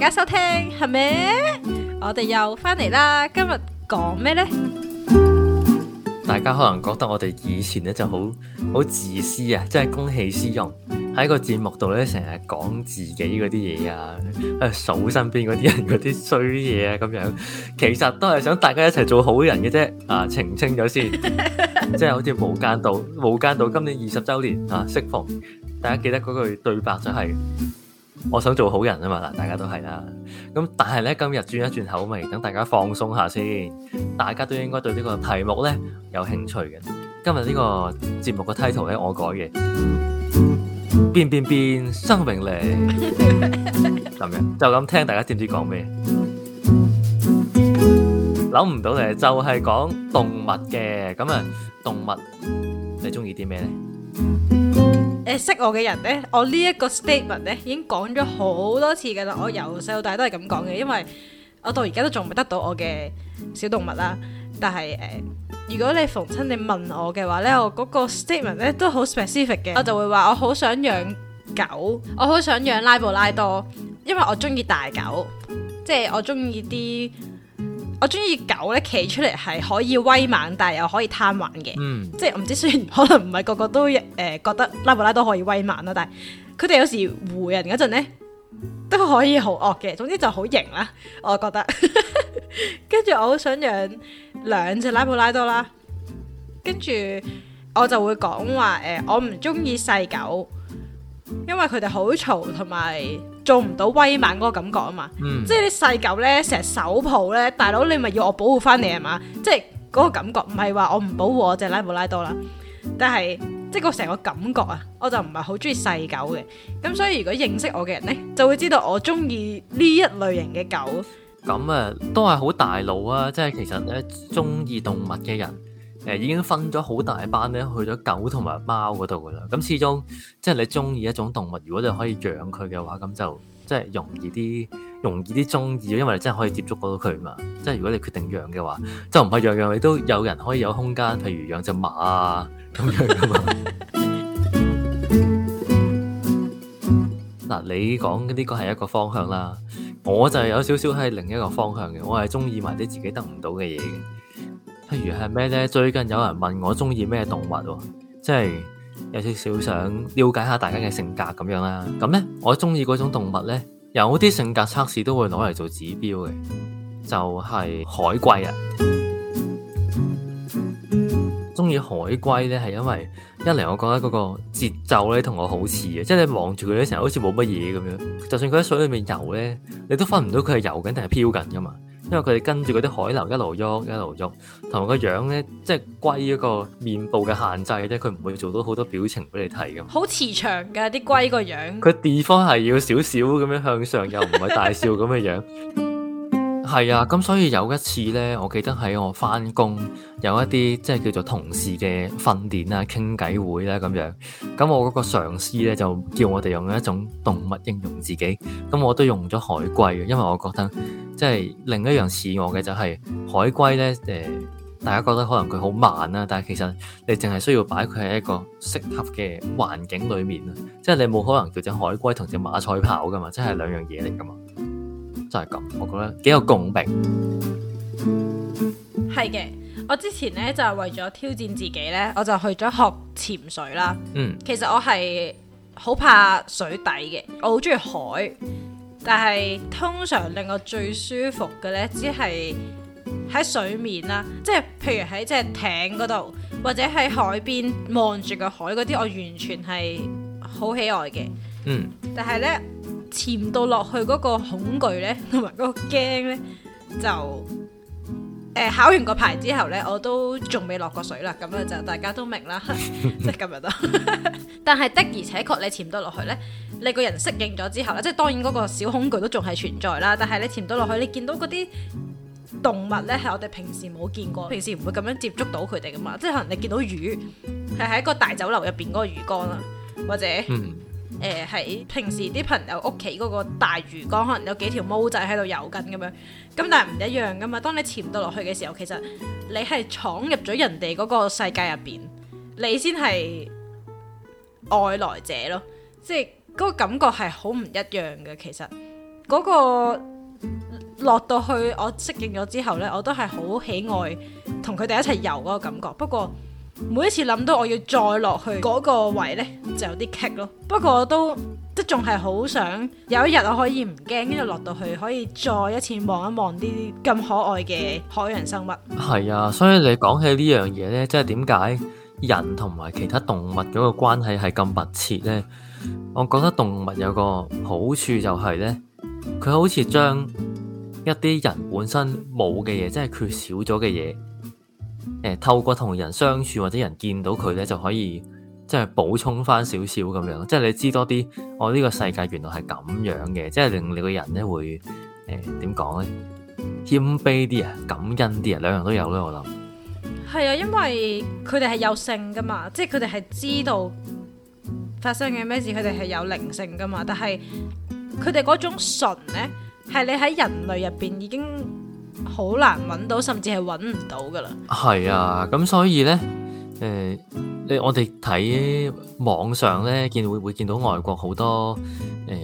大家收聽係咪？我哋又翻嚟啦，今日講咩呢？大家可能覺得我哋以前咧就好好自私啊，即係公器私用喺個節目度咧，成日講自己嗰啲嘢啊，誒數身邊嗰啲人嗰啲衰嘢啊，咁樣，其實都係想大家一齊做好人嘅啫、呃。 啊，澄清咗先，即係好似《無間道》，《無間道》今年二十周年啊，適逢，大家記得嗰句對白就係、是。我想做好人啊嘛，嗱，大家都係啦。咁但係咧，今日轉一轉口味，等大家放鬆下先。大家都應該對呢個題目咧有興趣嘅。今日呢個節目嘅 title 咧，我改嘅，變變變，生命力，咁、 嗯、樣就咁聽，大家知唔知講咩？諗唔到咧，就係、是、講動物嘅。咁、嗯、啊，動物，你中意啲咩咧？誒，啊、識我嘅人呢，我呢一個 statement 呢已經講咗好多次噶啦，我由細到大都係咁講嘅，因為我到而家都仲未得到我嘅小動物啦。但係誒、呃，如果你逢親你問我嘅話呢，我嗰個 statement 呢都好 specific 嘅，我就會話我好想養狗，我好想養拉布拉多，因為我中意大狗，即係我中意啲。我中意狗咧，企出嚟係可以威猛，但係又可以貪玩嘅，嗯、即係唔知，雖然可能唔係個個都誒、呃、覺得拉布拉多可以威猛啦，但係佢哋有時護人嗰陣咧都可以好惡嘅，總之就好型啦，我覺得。 跟住我好想養兩隻拉布拉多啦，跟住我就會講話誒，我唔中意細狗。因為佢哋好嘈，同埋做唔到威猛嗰個感覺啊嘛，即係啲細狗咧成日手抱咧，大佬你咪要我保護翻你啊嘛，即係嗰個感覺，唔係話我唔保護我隻拉布拉多啦，但係即係個成個感覺啊，我就唔係好中意細狗嘅，咁所以如果認識我嘅人咧，就會知道我中意呢一類型嘅狗。咁啊，都係好大佬啊，即係其實咧中意動物嘅人。誒已經分咗好大班咧，去咗狗同埋貓嗰度噶啦。咁始終即係你中意一種動物，如果你可以養佢嘅話，咁就即係容易啲，容易啲中意。因為你真係可以接觸到佢嘛。即係如果你決定養嘅話，就唔係樣樣你都有人可以有空間，譬如養隻馬啊咁樣噶嘛。嗱， 你講嘅呢個係一個方向啦，我就有少少係另一個方向嘅。我係中意埋啲自己得唔到嘅嘢嘅。譬如係咩呢？最近有人問我中意咩動物。哦，即係有少少想了解下大家嘅性格咁樣啦。咁呢，我中意嗰種動物呢，有啲性格測試都會攞嚟做指標嘅，就係、是、海龜啊！中意 海龜呢係因為一嚟我覺得嗰個節奏呢同我好似嘅，即係你望住佢嗰陣，好似冇乜嘢咁樣。就算佢喺水裏面游呢，你都分唔到佢係游緊定係飄緊㗎嘛。因為佢哋跟住嗰啲海流一路喐，一路喐，同埋個樣呢，即係龜嗰個面部嘅限制嘅啫，佢唔會做到好多表情俾你睇咁。好慈祥噶啲龜個樣，佢地方係要少少咁樣向上，又唔係大笑咁嘅樣。係 啊，咁所以有一次呢，我記得喺我翻工，有一啲即係叫做同事嘅訓練啊、傾偈會啦咁樣。咁我嗰個上司呢，就叫我哋用一種動物形容自己，咁我都用咗海龜，因為我覺得。即係另一樣似我嘅就係海龜呢。誒、呃，大家覺得可能佢好慢啦，但係其實你淨係需要擺佢喺一個適合嘅環境裡面啦。即係你冇可能叫隻海龜同隻馬賽跑㗎嘛，即係兩樣嘢嚟㗎嘛，就係、是、咁。我覺得幾有共鳴。係嘅，我之前呢就係為咗挑戰自己呢，我就去咗學潛水啦。嗯，其實我係好怕水底嘅，我好鍾意海。但係通常令我最舒服嘅呢，只係喺水面啦，啊，即係譬如喺隻艇嗰度，或者喺海邊望住個海嗰啲，我完全係好喜愛嘅。嗯，但係呢，潛到落去嗰個恐懼呢，同埋嗰個驚呢，就。誒，考完個牌之後呢，我都仲未落過水啦，咁樣就大家都明啦，即係咁樣咯。但係的而且確，你潛到落去呢，你個人適應咗之後呢，即係當然嗰個小恐懼都仲係存在啦。但係你潛到落去，你見到嗰啲動物呢，係我哋平時冇見過，平時唔會咁樣接觸到佢哋噶嘛。即係可能你見到魚，係喺個大酒樓入邊嗰個魚缸啦，或者、嗯。誒喺、呃、平時啲朋友屋企嗰個大魚缸，可能有幾條毛仔喺度遊緊咁樣，咁但係唔一樣㗎嘛。當你潛到落去嘅時候，其實你係闖入咗人哋嗰個世界入邊，你先係外來者咯。即係嗰、那個感覺係好唔一樣嘅。其實嗰、那個落到去，我適應咗之後呢，我都係好喜愛同佢哋一齊遊嗰個感覺。不過，每一次諗到我要再落去嗰個位呢，就有啲棘咯。不過我都即係仲係好想有一日我可以唔驚，跟住落到去可以再一次望一望啲咁可愛嘅海洋生物。係啊，所以你講起呢樣嘢呢，即係點解人同埋其他動物嗰個關係係咁密切呢？我覺得動物有個好處就係呢，佢好似將一啲人本身冇嘅嘢，即係缺少咗嘅嘢。誒，透過同人相處或者人見到佢咧，就可以即係補充翻少少咁樣，即係你知多啲，我呢個世界原來係咁樣嘅，即係令你個人咧會誒點講咧謙卑啲啊，感恩啲啊，兩樣都有咯，我諗。係啊，因為佢哋係有性噶嘛，即係佢哋係知道發生嘅咩事，佢哋係有靈性噶嘛，但係佢哋嗰種純咧，係你喺人類入邊已經。好難揾到，甚至係揾唔到噶啦。係啊，咁所以咧，誒、呃，你我哋睇網上咧，見會會見到外國好多誒、呃、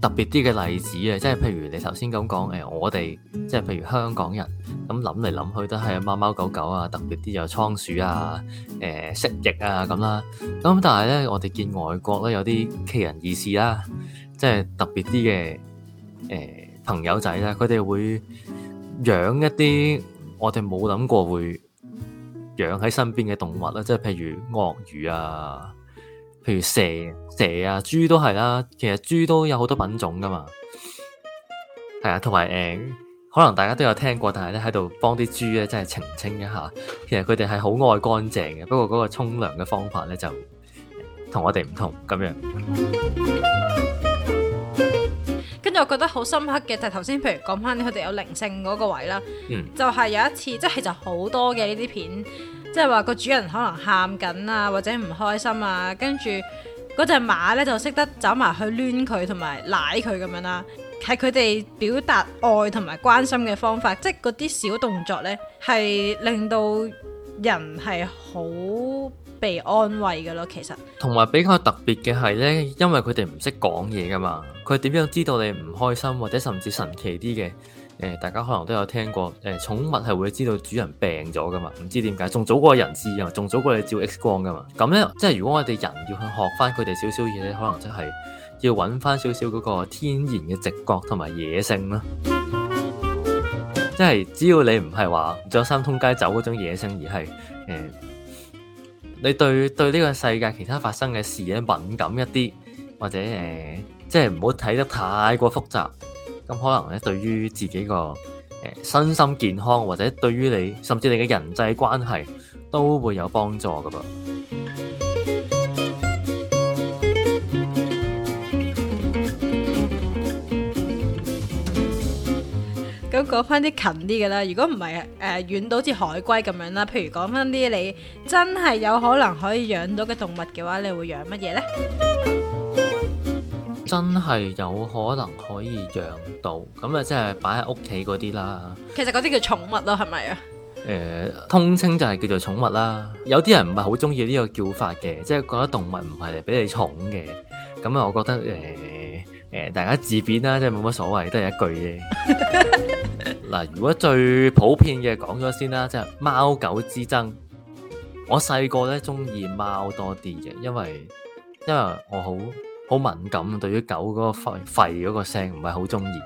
特別啲嘅例子啊，即係譬如你頭先咁講，誒、呃，我哋即係譬如香港人咁諗嚟諗去都係貓貓狗狗啊，特別啲有倉鼠啊，誒、呃，蜥蜴啊咁啦。咁但係咧，我哋見外國咧有啲奇人異事啦，即係特別啲嘅誒朋友仔啦，佢哋會。養一啲我哋冇諗過會養喺身邊嘅動物啦，即係譬如鱷魚啊，譬如蛇蛇啊，豬都係啦。其實豬都有好多品種噶嘛，係啊，同埋誒，可能大家都有聽過，但係咧喺度幫啲豬咧，即係澄清一下，其實佢哋係好愛乾淨嘅，不過嗰個沖涼嘅方法咧就同我哋唔同咁樣。我覺得好深刻嘅，就係頭先，譬如講返佢哋有靈性嗰個位啦，嗯、就係有一次，即係其實好多嘅呢啲片，即係話個主人可能喊緊啊，或者唔開心啊，跟住嗰隻馬咧就識得走埋去攣佢同埋舐佢咁樣啦，係佢哋表達愛同埋關心嘅方法，即係嗰啲小動作咧，係令到人係好，被安慰嘅咯，其實同埋比較特別嘅係呢，因為佢哋唔識講嘢噶嘛，佢點樣知道你唔開心或者甚至神奇啲嘅？誒、呃，大家可能都有聽過，誒、呃，寵物係會知道主人病咗噶嘛？唔知點解，仲早過人知啊，仲早過你照 X 光噶嘛？咁呢，即係如果我哋人要去學翻佢哋少少嘢咧，可能真係要揾翻少少嗰個天然嘅直覺同埋野性咯。 即係只要你唔係話着三通街走嗰種野性，而係誒。呃你對對呢個世界其他發生嘅事咧敏感一啲，或者誒、呃，即係唔好睇得太過複雜，咁可能咧對於自己個誒、呃、身心健康，或者對於你甚至你嘅人際關係都會有幫助㗎噃。講翻啲近啲嘅啦，如果唔係誒遠到好似海龜咁樣啦，譬如講翻啲你真係有可能可以養到嘅動物嘅話，你會養乜嘢呢？真係有可能可以養到，咁啊，即係擺喺屋企嗰啲啦。其實嗰啲叫寵物咯，係咪啊？誒、呃，通稱就係叫做寵物啦。有啲人唔係好中意呢個叫法嘅，即係覺得動物唔係嚟俾你寵嘅。咁啊，我覺得誒誒、呃呃，大家自便啦，即係冇乜所謂，都係一句啫。 嗱，如果最普遍嘅講咗先啦，即係貓狗之爭。我細個咧中意貓多啲嘅，因為因為我好好敏感，對於狗嗰個吠吠嗰個聲唔係好中意，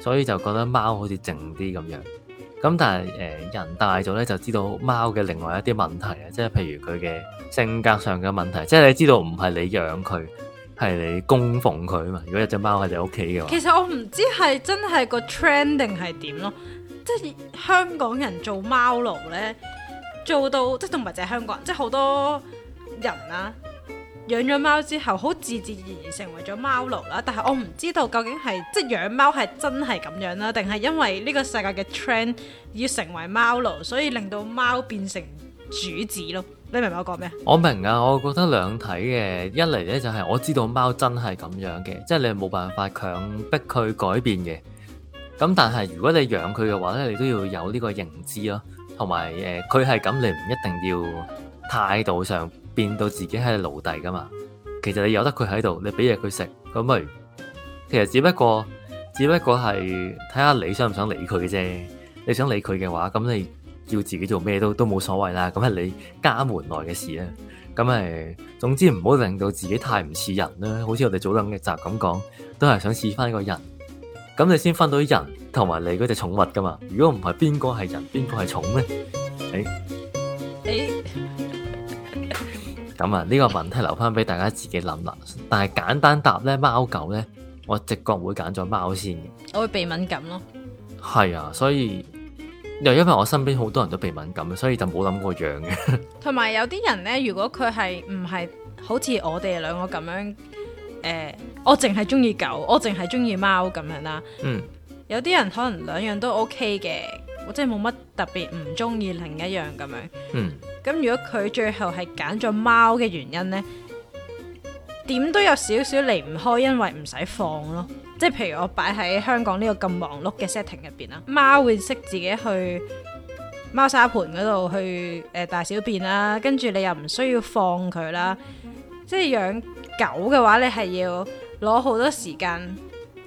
所以就覺得貓好似靜啲咁樣。咁但係誒、呃、人大咗咧，就知道貓嘅另外一啲問題啊，即係譬如佢嘅性格上嘅問題，即係你知道唔係你養佢。係你供奉佢啊嘛？如果一隻貓喺你屋企嘅話，其實我唔知係真係個 trend 定係點咯。即係香港人做貓奴咧，做到即係同埋就係香港人，即係好多人啦、啊，養咗貓之後好自自然然成為咗貓奴啦。但係我唔知道究竟係即係養貓係真係咁樣啦，定係因為呢個世界嘅 trend 要成為貓奴，所以令到貓變成主子咯。你明唔明我講咩？我明啊，我覺得兩體嘅，一嚟咧就係我知道貓真係咁樣嘅，即係你冇辦法強逼佢改變嘅。咁但係如果你養佢嘅話咧，你都要有呢個認知咯，同埋誒，佢係咁，你唔一定要態度上變到自己係奴隸噶嘛。其實你由得佢喺度，你俾嘢佢食咁咪，其實只不過只不過係睇下你想唔想理佢嘅啫。你想理佢嘅話，咁你。叫自己做咩都都冇所謂啦，咁係你家門內嘅事啊。咁係總之唔好令到自己太唔似人啦，好似我哋早兩集咁講，都係想似翻一個人。咁你先分到人同埋你嗰隻寵物噶嘛？如果唔係邊個係人，邊個係寵咧？誒、哎，你咁、哎、 啊？呢、這個問題留翻俾大家自己諗啦。但係簡單答咧，貓狗咧，我直覺會揀咗貓先。我會鼻敏感咯。係啊，所以。又因為我身邊好多人都鼻敏感，所以就冇諗過養嘅。同埋有啲人呢，如果佢係唔係好似我哋兩個咁樣？誒、呃，我淨係中意狗，我淨係中意貓咁樣啦。嗯。有啲人可能兩樣都 OK 嘅，我真係冇乜特別唔中意另一樣咁樣。嗯。咁如果佢最後係揀咗貓嘅原因呢？點都有少少離唔開，因為唔使放咯。即係譬如我擺喺香港呢個咁忙碌嘅 setting 入邊啦，貓會識自己去貓砂盆嗰度去誒、呃、大小便啦，跟住你又唔需要放佢啦。即係養狗嘅話，你係要攞好多時間，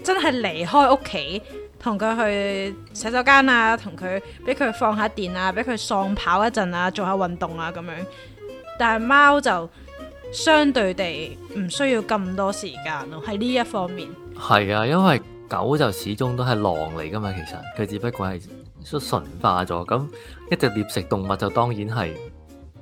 真係離開屋企同佢去洗手間啊，同佢俾佢放下電啊，俾佢喪跑一陣啊，做下運動啊咁樣。但係貓就相對地唔需要咁多時間咯，喺呢一方面。係啊，因為狗就始終都係狼嚟噶嘛，其實佢只不過係馴化咗，咁一隻獵食動物就當然係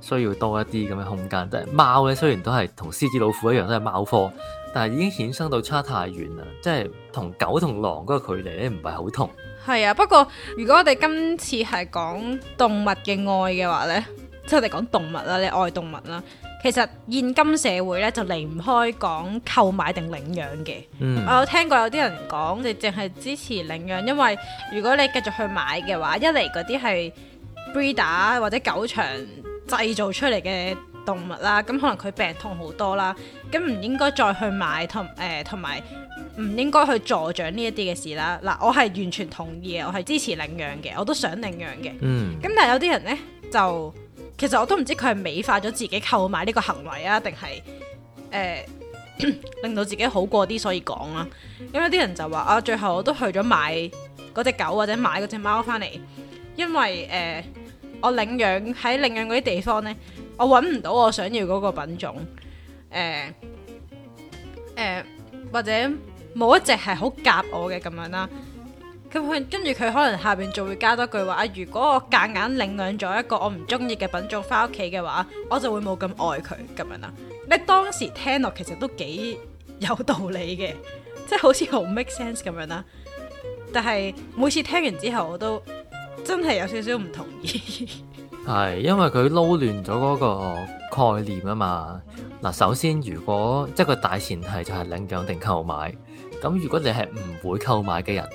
需要多一啲咁嘅空間。即係貓咧，雖然都係同獅子老虎一樣都係貓科，但係已經衍生到差太遠啦，即係同狗同狼嗰個距離咧唔係好同。係啊，不過如果我哋今次係講動物嘅愛嘅話咧，即係我哋講動物啦，你愛動物啦。其實現今社會咧就離唔開講購買定領養嘅、嗯嗯。我有聽過有啲人講，你淨係支持領養，因為如果你繼續去買嘅話，一嚟嗰啲係 breeder 或者狗場製造出嚟嘅動物啦，咁、嗯、可能佢病痛好多啦，咁、嗯、唔應該再去買同誒，同埋唔應該去助長呢一啲嘅事啦。嗱、呃，我係完全同意嘅，我係支持領養嘅，我都想領養嘅。嗯。咁、嗯、但係有啲人呢，就。其實我都唔知佢係美化咗自己購買呢個行為啊，定係誒令到自己好過啲，所以講啦、啊。因為有啲人就話啊，最後我都去咗買嗰隻狗或者買嗰隻貓翻嚟，因為誒、呃、我領養喺領養嗰啲地方呢，我揾唔到我想要嗰個品種，誒、呃、誒、呃、或者冇一隻係好夾我嘅咁樣啦。佢跟住佢可能下邊仲會加多句話，如果我夾硬硬領養咗一個我唔中意嘅品種翻屋企嘅話，我就會冇咁愛佢咁樣啦。你當時聽落其實都幾有道理嘅，即係好似好 make sense 咁樣啦。但係每次聽完之後，我都真係有少少唔同意。係因為佢撈亂咗嗰個概念啊嘛。嗱，首先如果即係個大前提就係領養定購買，咁如果你係唔會購買嘅人。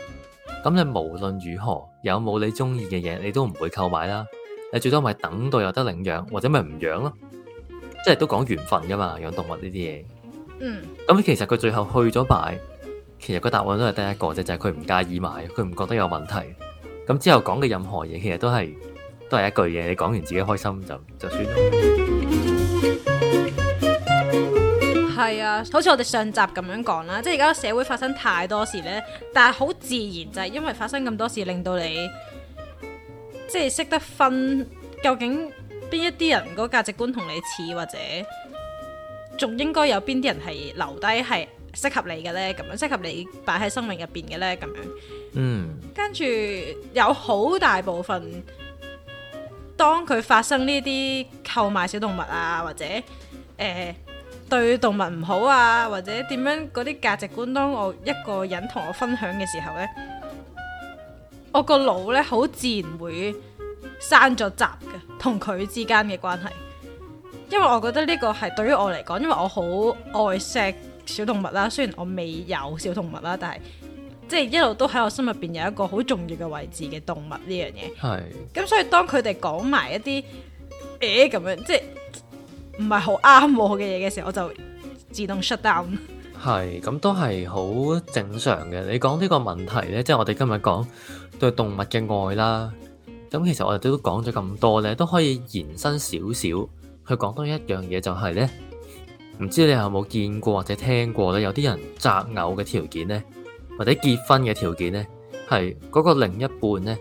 咁你無論如何有冇你中意嘅嘢，你都唔會購買啦。你最多咪等到有得領養，或者咪唔養咯。即係都講緣分噶嘛，養動物呢啲嘢。嗯。咁其實佢最後去咗買，其實個答案都係得一個啫，就係佢唔介意買，佢唔覺得有問題。咁之後講嘅任何嘢，其實都係都係一句嘢，你講完自己開心就就算啦。嗯係啊，好似我哋上集咁樣講啦，即係而家社會發生太多事呢，但係好自然就係因為發生咁多事，令到你即係識得分究竟邊一啲人個價值觀同你似，或者仲應該有邊啲人係留低係適合你嘅呢？咁樣適合你擺喺生命入邊嘅呢？咁樣，嗯，跟住有好大部分，當佢發生呢啲購買小動物啊，或者誒。呃對動物唔好啊，或者點樣嗰啲價值觀，當我一個人同我分享嘅時候呢，我個腦呢好自然會生咗閘嘅，同佢之間嘅關係。因為我覺得呢個係對於我嚟講，因為我好愛錫小動物啦，雖然我未有小動物啦，但係即係一路都喺我心入邊有一個好重要嘅位置嘅動物呢樣嘢。係是。咁所以當佢哋講埋一啲誒咁樣，即係。唔係好啱我嘅嘢嘅時候，我就自動 shut down。係，咁都係好正常嘅。你講呢個問題呢，即係我哋今日講對動物嘅愛啦。咁其實我哋都講咗咁多呢，都可以延伸少少去講多一樣嘢，就係呢，唔知你有冇見過或者聽過呢？有啲人擇偶嘅條件呢，或者結婚嘅條件呢，係嗰個另一半呢，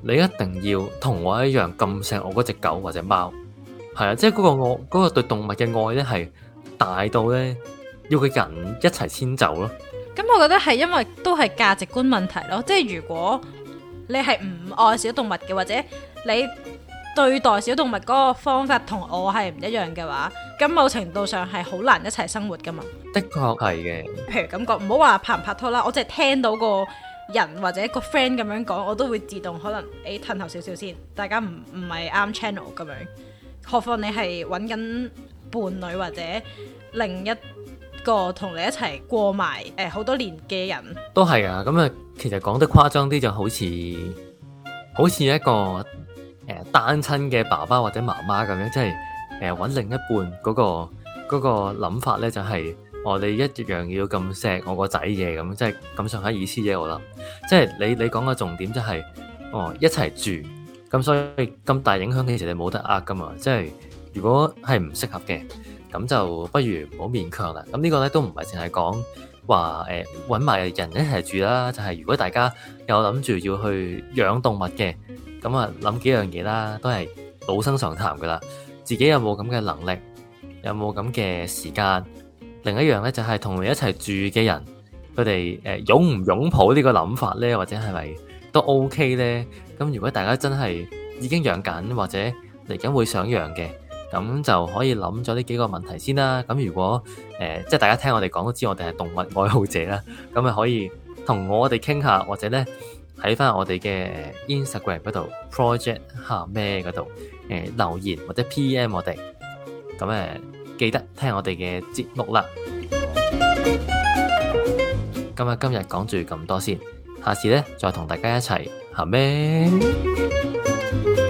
你一定要同我一樣咁錫我嗰隻狗或者貓。係啊，即係嗰個愛，嗰、嗰個對動物嘅愛咧，係大到咧要個人一齊遷走咯。咁我覺得係因為都係價值觀問題咯。即係如果你係唔愛小動物嘅，或者你對待小動物嗰個方法同我係唔一樣嘅話，咁某程度上係好難一齊生活噶嘛。的確係嘅。譬如感覺唔好話拍唔拍拖啦，我即係聽到個人或者個 friend 咁樣講，我都會自動可能誒褪後少少先，大家唔唔係啱 channel 咁樣。何況你係揾緊伴侶或者另一個同你一齊過埋誒好、呃、多年嘅人，都係啊！咁、嗯、啊，其實講得誇張啲就好似好似一個誒、呃、單親嘅爸爸或者媽媽咁樣，即係誒揾另一半嗰、那個嗰諗、嗰個、法咧，就係、係、哦，你一樣要咁錫我個仔嘅咁，即係咁上下意思嘅我諗，即係你你講嘅重點就係、係、哦一齊住。咁所以咁大影響你其實你冇得呃噶嘛，即係如果係唔適合嘅，咁就不如唔好勉強啦。咁呢個咧都唔係淨係講話誒揾埋人一齊住啦，就係、是、如果大家有諗住要去養動物嘅，咁啊諗幾樣嘢啦，都係老生常談噶啦。自己有冇咁嘅能力，有冇咁嘅時間？另一樣咧就係、是、同你一齊住嘅人，佢哋誒擁唔擁抱個呢個諗法咧，或者係咪？都 OK 咧，咁如果大家真係已經養緊或者嚟緊會想養嘅，咁就可以諗咗呢幾個問題先啦。咁如果誒、呃，即係大家聽我哋講都知我哋係動物愛好者啦，咁咪可以同我哋傾下，或者咧睇翻我哋嘅 Instagram 嗰度 Project 下咩嗰度，誒留言或者 PM 我哋。咁誒記得聽我哋嘅節目啦。 今日今日講住咁多先。下次咧，再同大家一齊，好咩？